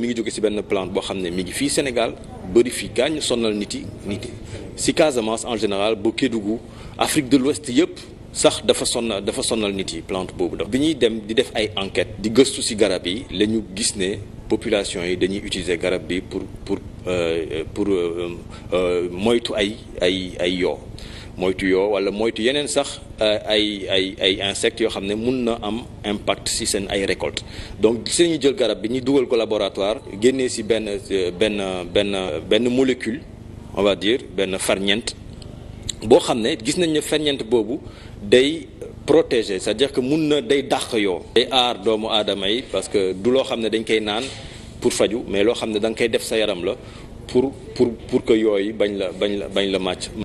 mi ngi jóge ci benn plante boo xam ne mu ngi fii Sénégal bëri fi gaañ sonal nit yi nit yi ci Casamance en général ba Kédougou Afrique de l'Ouest yëpp sax dafa sonna dafa sonnal nit yi plante boobu da bi ñuy dem di def ay enquête di gëstu ci garab yi lañu gis ne population yi dañuy utiliser garab bi pour pour euh, pour euh, euh, moytu ay ay ay yoo moytu yoo wala moytu yeneen sax euh, ay ay ay insectes yoo xam ne mun na am impact si seen ay récolte donc gis nañu jël garab bi ñu dugal ko laboratoire génnee si benn euh, benn benn benn molécule on va dire benn ferñeent boo xam ne gis nañ ne ferñeent boobu day protéger c'est-à-dire que mun na day dàq yoo day aar doomu aadama yi parce que du loo xam ne dañ koy naan pour faju mais loo xam ne da nga koy def sa yaram la pour pour pour que yooyu bañ la bañ la bañ la màcc